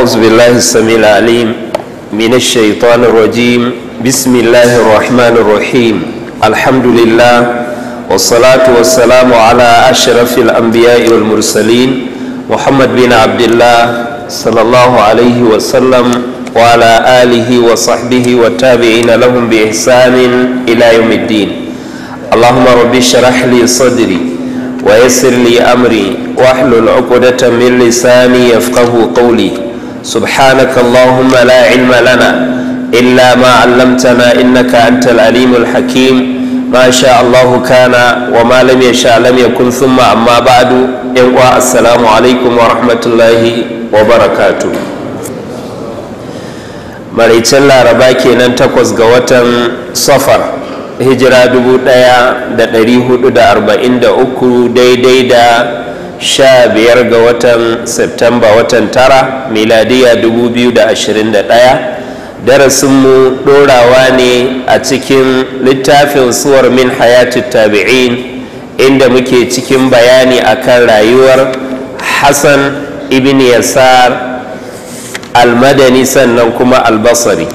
أعوذ بالله السميع العليم من الشيطان الرجيم بسم الله الرحمن الرحيم الحمد لله والصلاة والسلام على أشرف الأنبياء والمرسلين محمد بن عبد الله صلى الله عليه وسلم وعلى آله وصحبه والتابعين لهم بإحسان إلى يوم الدين اللهم رب اشرح لي صدري ويسر لي أمري واحلل عقدة من لساني يفقه قولي سبحانك اللهم لا علم لنا إلا ما علمتنا إنك أنت العليم الحكيم ما شاء الله كان وما لم يشاء لم يكن ثم أما بعد إنواء السلام عليكم ورحمة الله وبركاته maraicin laraba kenan takwas ga watan safar hijira 1443 daidai da sha biyar ga watan septemba watan tara miladiya 2021 darasinmu ɗorawa ne a cikin littafin suwar min hayatu tabi'in inda muke cikin bayani akan rayuwar hassan ibn yasar almadani sannan kuma albasari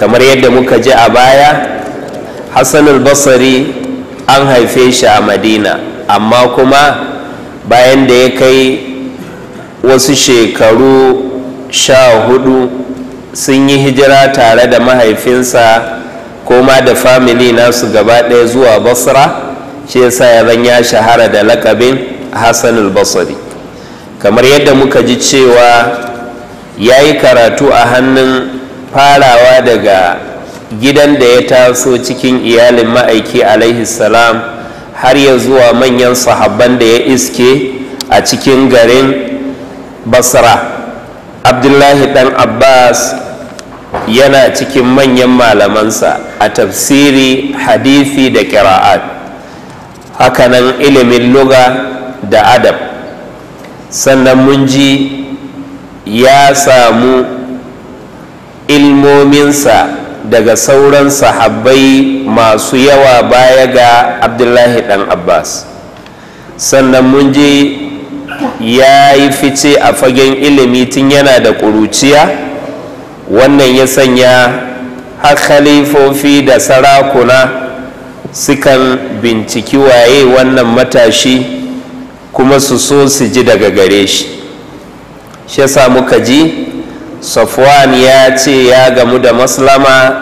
kamar yadda muka ji a baya hassan albasari an haife shi a madina amma kuma bayan da ya kai wasu shekaru sha hudu sun yi hijira tare da mahaifinsa ko ma da famili nasu gaba ɗaya zuwa basra shi ya sa zan ya shahara da lakabin hassan basri kamar yadda muka ji cewa ya yi karatu a hannun farawa daga gidan da ya taso cikin iyalin ma'aiki alaihi salam har ya zuwa manyan sahabban da ya iske a cikin garin basra abdullahi dan abbas yana cikin manyan malamansa a tafsiri hadisi da kira'at hakanan ilimin luga da adab sannan mun ji ya samu ilmominsa daga sauran sahabbai masu yawa baya ga abdullahi dan abbas sannan mun je ya yi fice a fagen ilimi tun yana da ƙuruciya wannan ya sanya har khalifofi da sarakuna sukan binciki waye wannan matashi kuma su so su ji daga gare shi shi yasa muka ji safwan ya ce ya gamu da maslama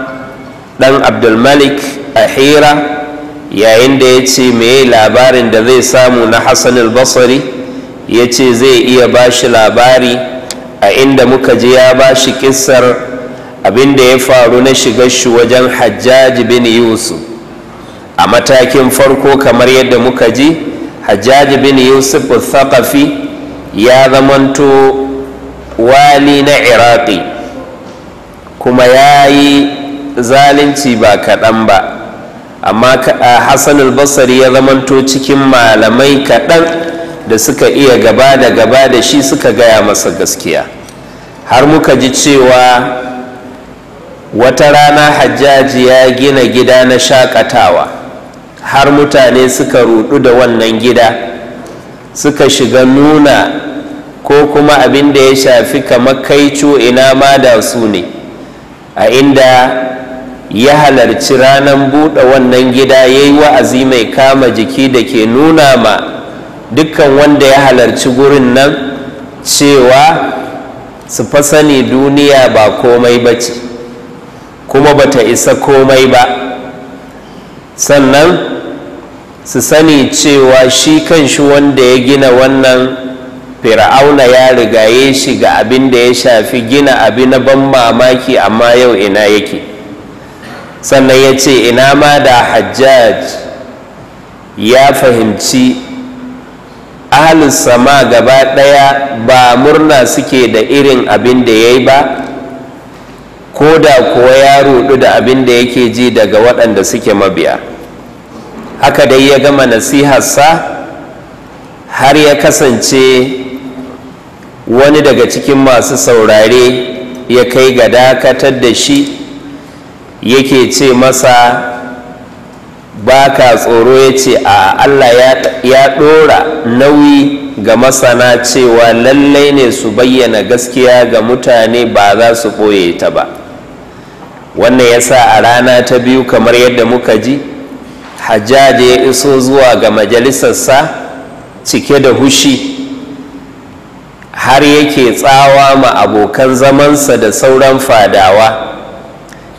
ɗan abdulmalik a hira yayin da ya ce me labarin da zai samu na hassan albasari ya ce zai iya ba shi labari a inda muka ji ya ba shi kisar abin da ya faru na shiga shi wajen hajjaji bin yusuf a matakin farko kamar yadda muka ji hajjaji bin yusuf al ya zamanto wali na iraki kuma ya yi zalunci ba kaɗan ba amma hassan al ya zamanto cikin malamai kaɗan da suka iya gaba da gaba da shi suka gaya masa gaskiya har muka ji cewa wata rana hajjaji ya gina gida na shakatawa har mutane suka rudu da wannan gida suka shiga nuna ko kuma abin da ya shafi kamar kai co ina ma da su ne a inda ya halarci ranar buɗe wannan gida ya yi wa'azi mai kama jiki da ke nuna ma dukkan wanda ya halarci gurin nan cewa su fasani duniya ba komai ba ce kuma ba ta isa komai ba sannan su sani cewa shi kan shi wanda ya gina wannan fir'auna ya rigaye shi ga abin da ya shafi gina abi na ban mamaki amma yau ina yake sannan ya ce ina ma da hajjaj ya fahimci ahalin sama gaba ɗaya ba murna suke da irin abin da ya yi ba ko da kuwa ya rudu da abin da yake ji daga waɗanda suke mabiya haka dai ya gama sa har ya kasance wani daga cikin masu saurare ya kai ga dakatar da shi yake ce masa ba ka tsoro ya ce a allah ya ɗora nauyi ga masana cewa lallai ne su bayyana gaskiya ga mutane ba za su ɓoye ta ba wannan ya sa a rana ta biyu kamar yadda muka ji hajjaji ya iso zuwa ga majalisarsa cike da hushi har yake tsawa ma abokan zamansa da sauran fadawa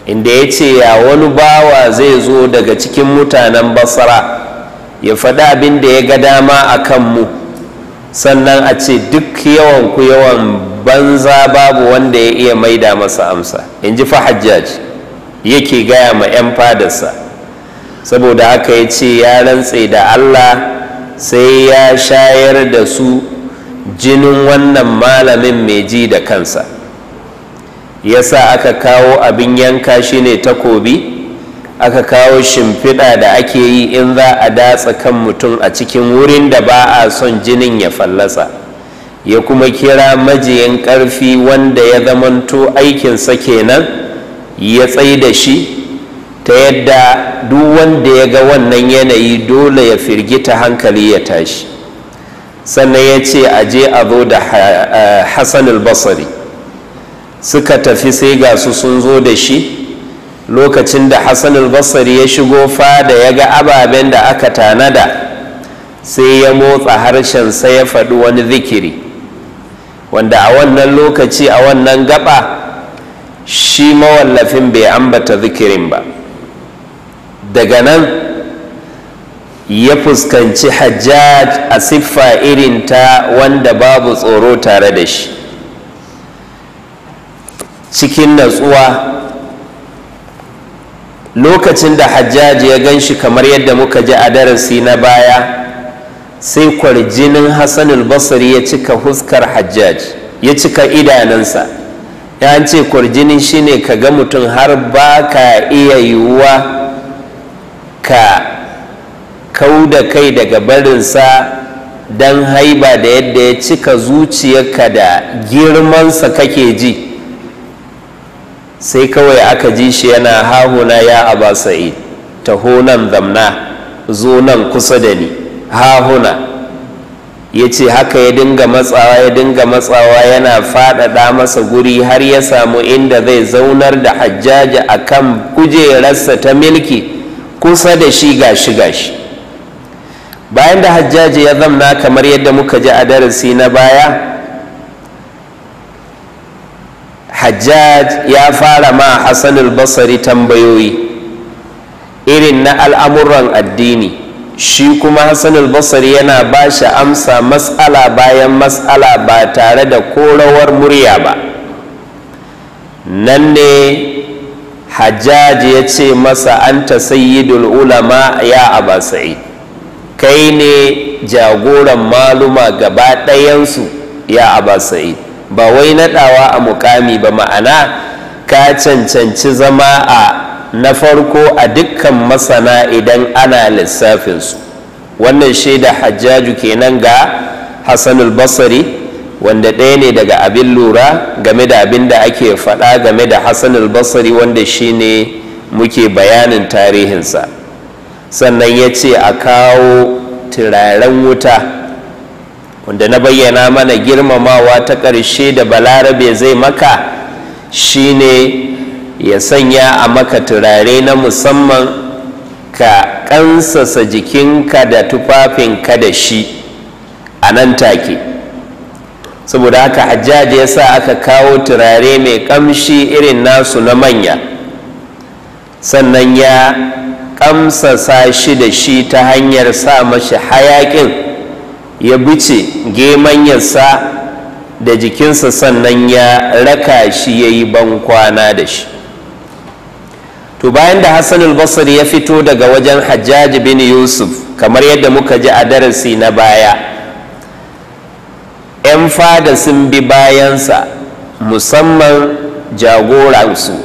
inda ya ce ya wani bawa zai zo daga cikin mutanen basara ya faɗi abin da ya ga dama a kanmu sannan a ce duk yawan ku yawan banza babu wanda ya iya maida masa amsa in ji fa hajjaj yake gaya ma 'yan fadarsa saboda haka ya ce ya rantse da allah sai ya shayar da su jinin wannan malamin mai ji da kansa ya sa aka kawo abin yanka shi shine takobi aka kawo shimfiɗa da ake yi in za a datsa kan mutum a cikin wurin da ba a son jinin ya fallasa ya kuma kira majiyan ƙarfi wanda ya zamanto aikin aikinsa kenan ya tsai da shi ta yadda duk wanda ya ga wannan yanayi dole ya firgita hankali ya tashi sannan ya ce a je a zo da hassan albasari suka tafi sai ga su sun zo da shi lokacin da hassan albasari ya shigo fada ya ga ababen da aka tanada sai ya motsa harshen sai ya faɗi wani zikiri wanda a wannan lokaci a wannan gaba shi mawallafin bai ambata zikirin ba daga nan ya fuskanci hajjaj a siffa irin ta wanda babu tsoro tare da shi cikin natsuwa lokacin da hajjaj ya gan shi kamar yadda muka ji a darasi na baya sai kwarjinin hassanul basri ya cika huskar hajjaj ya cika idanunsa ya ce kwarjinin shine ka ga mutum har ba ka iya yiwuwa ka kau da kai daga barinsa don haiba da yadda ya cika zuciyarka da girmansa kake ji sai kawai aka ji shi yana hahuna ya aba sa'id taho nan zamna zo nan kusa da ni hahuna ya ce haka ya dinga matsawa ya dinga matsawa yana faɗaɗa masa guri har ya samu inda zai zaunar da hajjaji a kan kujerarsa ta milki kusa da shi gashi gashi bayan da hajjaji ya zamna kamar yadda muka ji a darasi na baya hajjaj ya fara ma hassanul basari tambayoyi irin na al'amuran addini shi kuma hassanul basari yana ba shi amsa matsala bayan matsala ba tare da korawar murya ba nan ne hajjaji ya ce masa an anta sayyidul ulama ya abasa'i kai ne jagoran maluma gaba ɗayansu ya abbas ba wai naɗawa a mukami ba ma'ana ka cancanci zama a na farko a dukkan masana idan ana lissafinsu wannan shaida hajjaju kenan ga hassanul basari wanda ɗaya ne daga abin lura game da abin da ake faɗa game da hassanul basari wanda shi ne muke bayanin tarihinsa sannan ya ce a kawo turaren wuta wanda na bayyana mana girmamawa ta ƙarshe da balarabe zai maka shine ya sanya a maka turare na musamman ka kansasa jikinka da tufafinka da shi a nan take saboda haka hajjaji ya sa aka kawo turare mai kamshi irin nasu na manya sannan ya ƙamsasa shi da shi ta hanyar sa mashi hayaƙin ya bice yasa da jikinsa sannan ya raka shi ya yi bankwana da shi to bayan da hassan ya fito daga wajen hajjaji bin yusuf kamar yadda muka ji a darasi na baya 'yan fada sun bi bayansa musamman jagoransu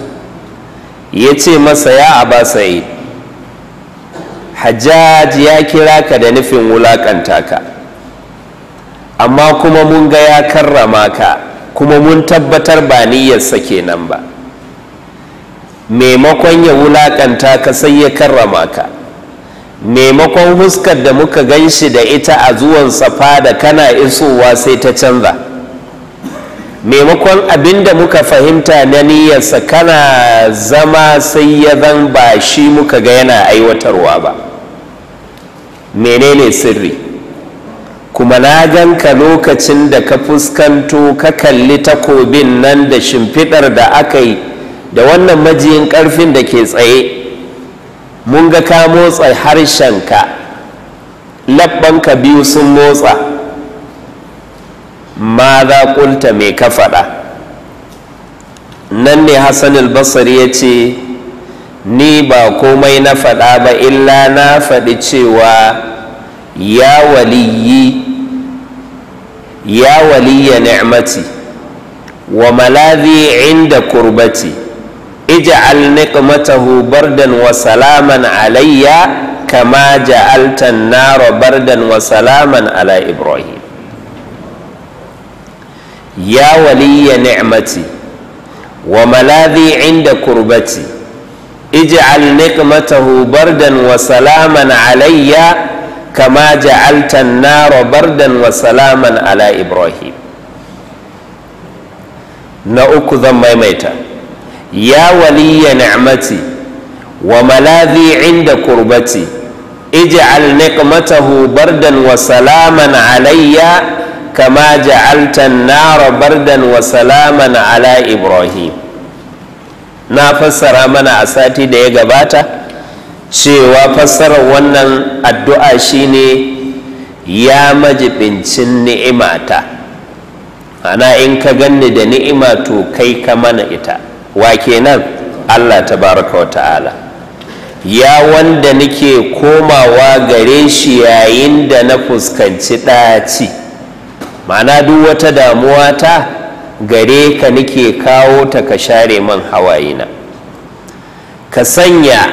ya ce masa ya abasa yi hajjaj ya kira ka da nufin wulaƙanta ka amma kuma mun ga ya karrama ka kuma mun tabbatar ba niyyarsa kenan ba maimakon ya wulaƙanta ka sai ya karrama ka maimakon huskar da muka gan shi da ita a zuwan safa da kana isowa sai ta canza maimakon abin da muka fahimta na niyyarsa kana zama sai ya zan ba shi muka ga yana aiwatarwa ba menene sirri kuma na ganka lokacin da ka fuskanto ka kalli takobin nan da shimfiɗar da aka yi da wannan majiyin ƙarfin da ke tsaye mun ga ka motsa harshenka labbanka biyu sun motsa ma za ƙulta mai ka faɗa nan ne hassan albasar ya ce ni ba komai na faɗa ba illa na faɗi cewa ya waliyi ya waliya ni'mati wa malazi inda kurbati ij'al niqmatahu bardan wa salaman alayya kama ja'alta an-nara bardan wa salaman ala ibrahim ya waliya ni'mati wa malazi inda kurbati ij'al niqmatahu bardan wa salaman alayya kama ja'alta an-nara bardan wa salaman ala ibrahim na uku zan maimaita ya waliya ni'mati wa maladhi inda kurbati ij'al niqmatahu bardan wa salaman alayya kama ja'alta an-nara wa salaman ala ibrahim na fassara mana a sati da ya gabata cewa fassarar wannan addu'a shine ya majibincin ni'imata ana in ka ganni da ni'ima to kai ka mana ita wa kenan allah baraka wa ta'ala ya wanda nake komawa gare shi yayin da na fuskanci ɗaci ma'ana duk wata damuwa ta gare ka nake kawo ta ka share man hawayina ka sanya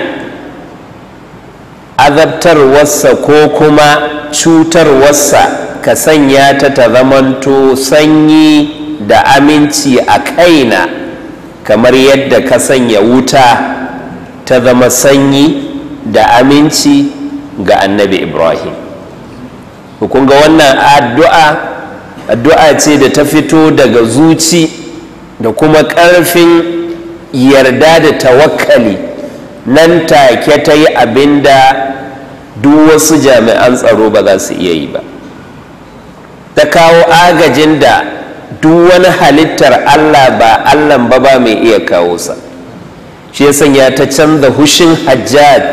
azabtarwarsa ko kuma cutarwarsa ka sanya ta ta zamanto sanyi da aminci a kaina kamar yadda ka sanya wuta ta zama sanyi da aminci ga annabi ibrahim hukunga wannan addu'a addu'a ce da ta fito daga zuci da kuma ƙarfin yarda da tawakkali nan take ta yi abin da duk wasu jami'an tsaro ba za su iya yi ba ta kawo agajin da duk wani halittar allah ba allah ba ba mai iya kawo sa shi ya sanya ta canza hushin hajjad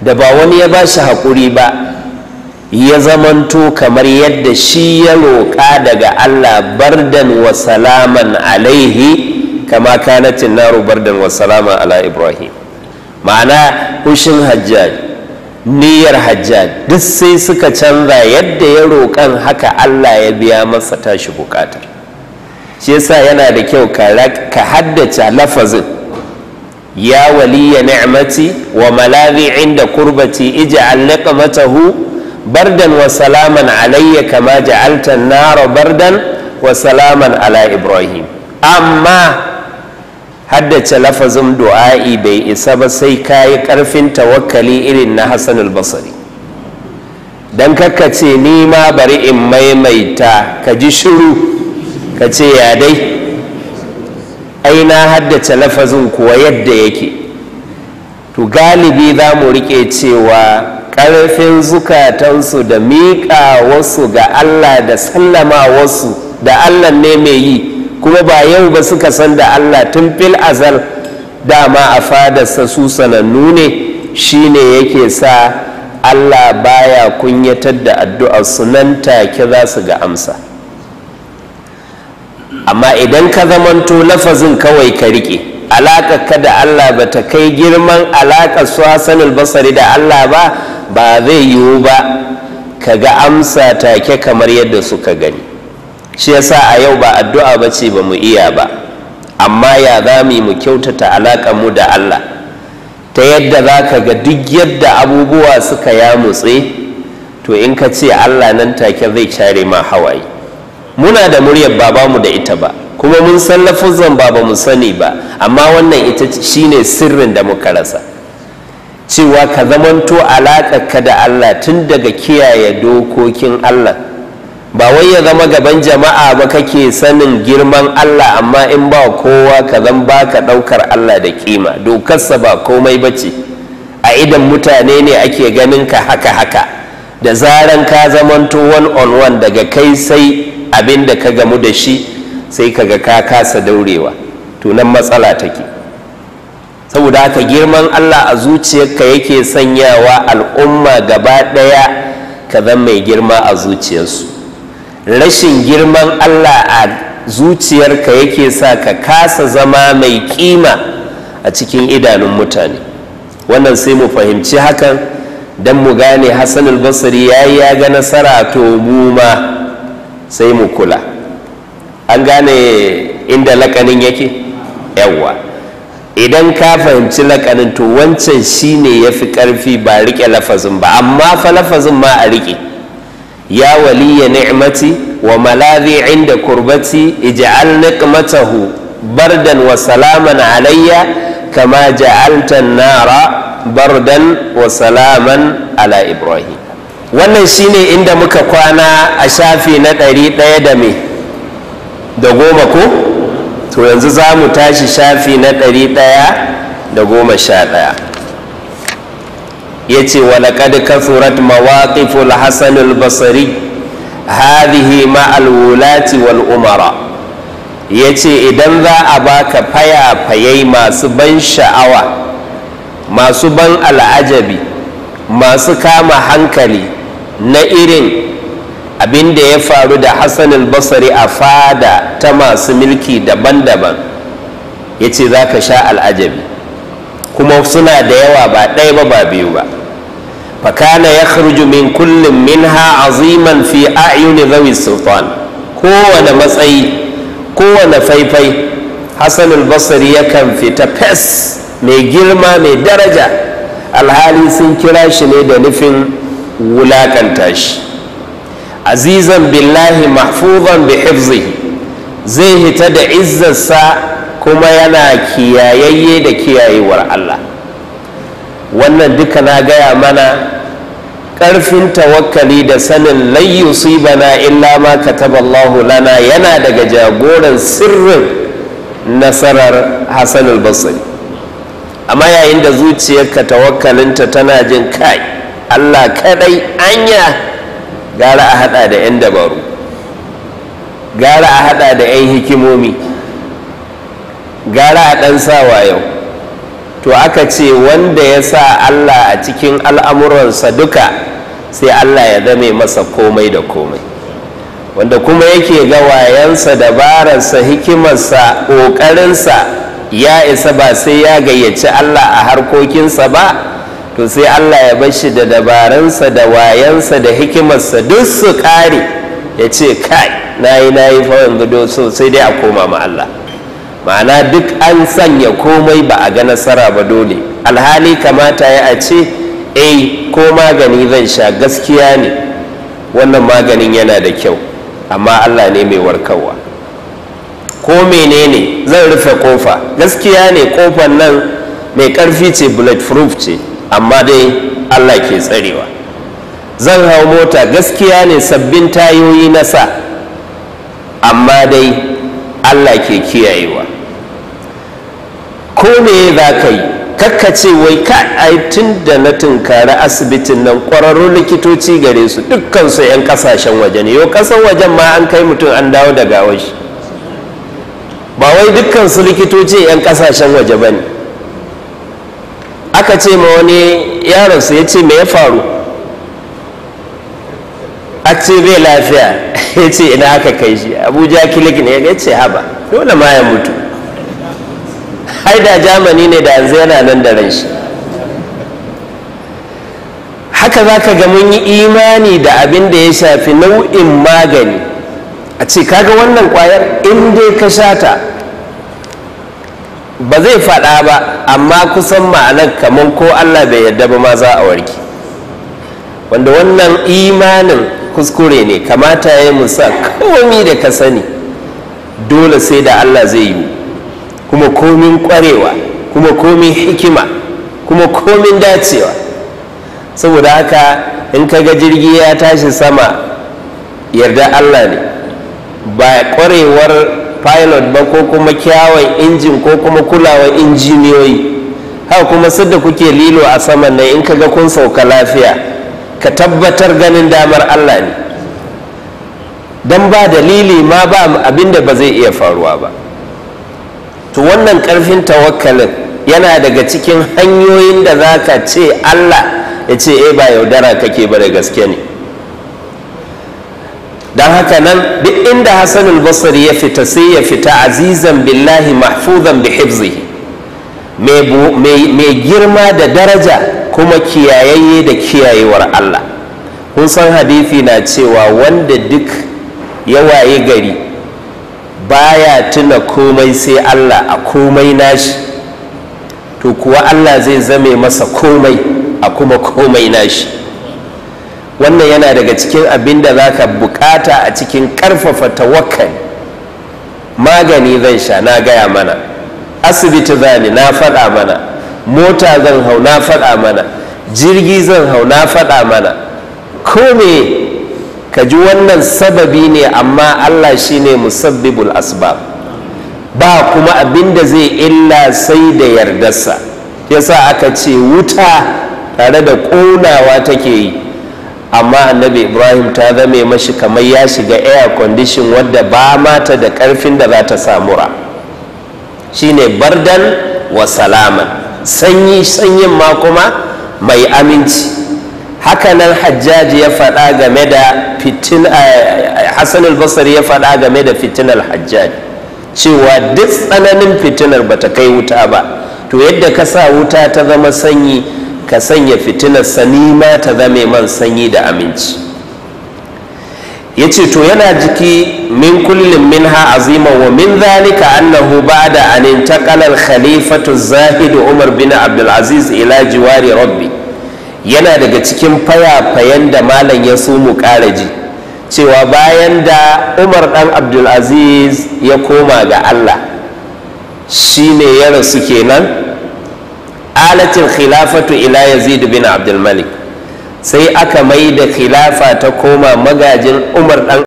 da ba wani ya ba shi haƙuri ba ya zamanto kamar yadda shi ya roƙa daga Allah bardan wa salaman alaihi kama kanatin naru bardan wa salaman ala ibrahim ma'ana hushin hajjaj niyyar hajjaj duk sai suka canza yadda ya roƙan haka Allah ya biya masa tashi buƙatar shi yasa yana da kyau ka haddace lafazin ya waliya ni'mati wa malazi inda kurbati ij'al niqmatahu bardan wa salaman alayya kama ja'alta nara bardan wa salaman ala ibrahim amma haddace lafazin du'a'i bai isa ba sai ka yi ƙarfin tawakkali irin na Hassanul Basri, don kakka ce ni ma bari in maimaita ka ji shiru ka ce ya dai ai na haddace lafazin kuwa yadda yake to galibi za mu riƙe cewa ƙarfin zukatansu da miƙa wasu ga Allah da sallama wasu da Allah ne mai yi kuma ba yau ba suka san da Allah tun fil azal dama a fadarsa su sanannu ne shine yake sa Allah baya kunyatar da addu'ar su nan take za su ga amsa amma idan ka zamanto lafazin kawai ka riƙe alaƙa ka da Allah ba ta kai girman alaƙa su Basari da Allah ba ba zai yiwu ba ka ga amsa take kamar yadda suka gani shi yasa a yau ba addu'a ba ce ba mu iya ba amma ya za mu kyautata alaƙar mu da Allah ta yadda za ka ga duk yadda abubuwa suka tse? to in ka ce Allah nan take zai care ma hawaye muna da muryar baba mu da ita ba kuma mun san lafuzan ba ba mu sani ba amma wannan ita shine sirrin da muka rasa cewa ka zamanto ka da Allah tun daga kiyaye dokokin Allah ba wai ya zama gaban jama'a ba kake sanin girman Allah amma in ba kowa ka zan ba ka ɗaukar Allah da kima dokarsa ba komai ba ce a idan mutane ne ake ganin ka haka haka da zaran ka zamanto one on one daga kai sai abin da ka gamu da shi sai kaga ka kasa daurewa tunan nan matsala take saboda haka girman Allah a zuciyarka yake sanyawa al'umma gaba ɗaya ka zan mai girma a zuciyarsu rashin girman Allah a zuciyarka yake sa ka kasa zama mai kima a cikin idanun mutane wannan sai mu fahimci hakan don mu gane hassan albasari ya yi ya ga nasara to mu ma sai mu kula an gane inda lakanin yake yawwa idan ka fahimci lakanin to wancan shine ya fi ƙarfi ba riƙe lafazin ba amma fa lafazin ma a riƙe ya waliya ni'mati wa malazi inda kurbati ija'al niqmatahu bardan wa salaman alayya kama ja'alta nara bardan wa salaman ala ibrahim wannan shine inda muka kwana a shafi na ɗari ɗaya da me da goma ko to yanzu za mu tashi shafi na ɗari ɗaya da goma sha ɗaya ya ce walaƙad kathurat mawaƙiful hasanul basari hadhihi ma'al alwulati wal umara ya ce idan za a baka fayai masu ban sha'awa masu ban al'ajabi masu kama hankali na irin abin da ya faru da hassan basari a fada ta masu milki daban-daban ya ce za ka sha al'ajabi kuma suna da yawa ba ɗaya ba ba biyu ba fakana ya kharju min kullum minha aziman fi a'yuni zawi sultan kowane matsayi kowane faifai hassan basari yakan fita fes mai girma mai daraja alhali sun kira shi ne da nufin wulakanta shi azizan billahi mahfuzan bi hifzihi zai hita da izzarsa kuma yana kiyayayye da kiyayewar Allah wannan duka na gaya mana ƙarfin tawakkali da sanin layyusibana illa ma kataballahu lana yana daga jagoran sirrin nasarar hassan al-basri amma yayin da zuciyarka tawakkalinta tana jin kai allah kadai anya gara a hada da 'yan dabaru gara a hada da 'yan hikimomi gara a ɗan sawa yau to aka ce wanda ya sa allah a cikin al'amuransa duka sai allah ya zame masa komai da komai wanda kuma yake gawayensa dabararsa hikimarsa ƙoƙarinsa ya isa ba sai ya gayyaci allah a harkokinsa ba to sai Allah ya bar shi da dabaransa da wayansa da hikimarsa duk su kare ya ce kai na yi fawon gado so sai dai a koma ma Allah ma'ana duk an sanya komai ba a ga nasara ba dole alhali kamata ya a ce eh ko magani zan sha gaskiya ne wannan maganin yana da kyau amma Allah ne mai warkarwa ko menene zan rufe kofa gaskiya ne kofar nan mai karfi ce bulletproof ce amma dai allah ke tsarewa zan hau mota gaskiya ne sabbin tayoyi na sa amma dai allah ke kiyayewa ko me za ka yi kakkace wai ka ai tun da na tunkari asibitin nan ƙwararrun likitoci gare su dukkansu 'yan kasashen waje ne yau kasan wajen ma an kai mutum an dawo daga washi ba wai dukkansu likitoci 'yan kasashen waje ba ne aka ce ma wani yaronsa ya ce me ya faru a ce bai lafiya ya ce ina aka kai shi abuja kilik ne ya ce haba dole ma ya mutu ai jamani ne da yanzu yana nan da ran shi haka za ka ga mun yi imani da abin da ya shafi nau'in magani a ce kaga wannan kwayar in dai ka sha ta ba zai faɗa ba amma kusan ma'anar kamar ko allah bai yarda ba ma za a warke wanda wannan imanin kuskure ne kamata ya yi musa komi da ka sani dole sai da allah zai yi kuma komin kwarewa kuma komin hikima kuma komin dacewa saboda haka in ka ga jirgi ya tashi sama yarda allah ne ba kwarewar pilot ba ko kuma kyawun injin ko kuma kulawar injiniyoyi haka kuma sadda kuke lilo a saman nan in ka ga kun sauka lafiya ka tabbatar ganin damar allah ne don ba dalili ma ba abinda ba zai iya faruwa ba to wannan karfin tawakkalin yana daga cikin hanyoyin da za ka ce allah ya ce e ba yaudara kake ba da gaske ne don haka nan duk inda hassanul basri ya fita sai ya fita azizan billahi mahfuzan bi mai girma da daraja kuma kiyayayye da kiyayewar Allah kun san hadithi na cewa wanda duk ya waye gari baya tuna komai sai Allah a komai nashi to kuwa Allah zai zame masa komai a kuma komai nashi wannan yana daga cikin abin da za ka bukata a cikin karfafa tawakkali magani zan sha na gaya mana asibiti zani na faɗa mana mota zan hau na faɗa mana jirgi zan hau na faɗa mana kome ka ji wannan sababi ne amma allah shi ne musabbibul asbab ba kuma abin da zai illa sai da yardarsa yasa aka ce wuta tare da ƙonawa take yi amma annabi ibrahim ta zame mashi kamar ya shiga air condition wadda ba mata da karfin da za ta samura shine bardan wa salaman sanyi sanyin ma kuma mai aminci hakanan hajjaji ya faɗa game da fitin eh, eh, hassan albasar ya faɗa game da fitinar hajjaji cewa duk tsananin fitinar ba ta kai wuta ba to yadda ka sa wuta ta zama sanyi ka sanya fitinar sanima ta zame man sanyi da aminci ya ce to yana jiki min kullum min ha azima wa min zalika annahu ba'da an intaqala khalifatu zahid umar bin abdulaziz ila jiwari rabbi yana daga cikin faya-fayan da malam ya so mu karaji cewa bayan da umar dan abdulaziz ya koma ga allah shine ya rasu kenan alatil khilafatu ila yazid bin abdul malik sai aka mai da khilafa ta koma magajin umar dan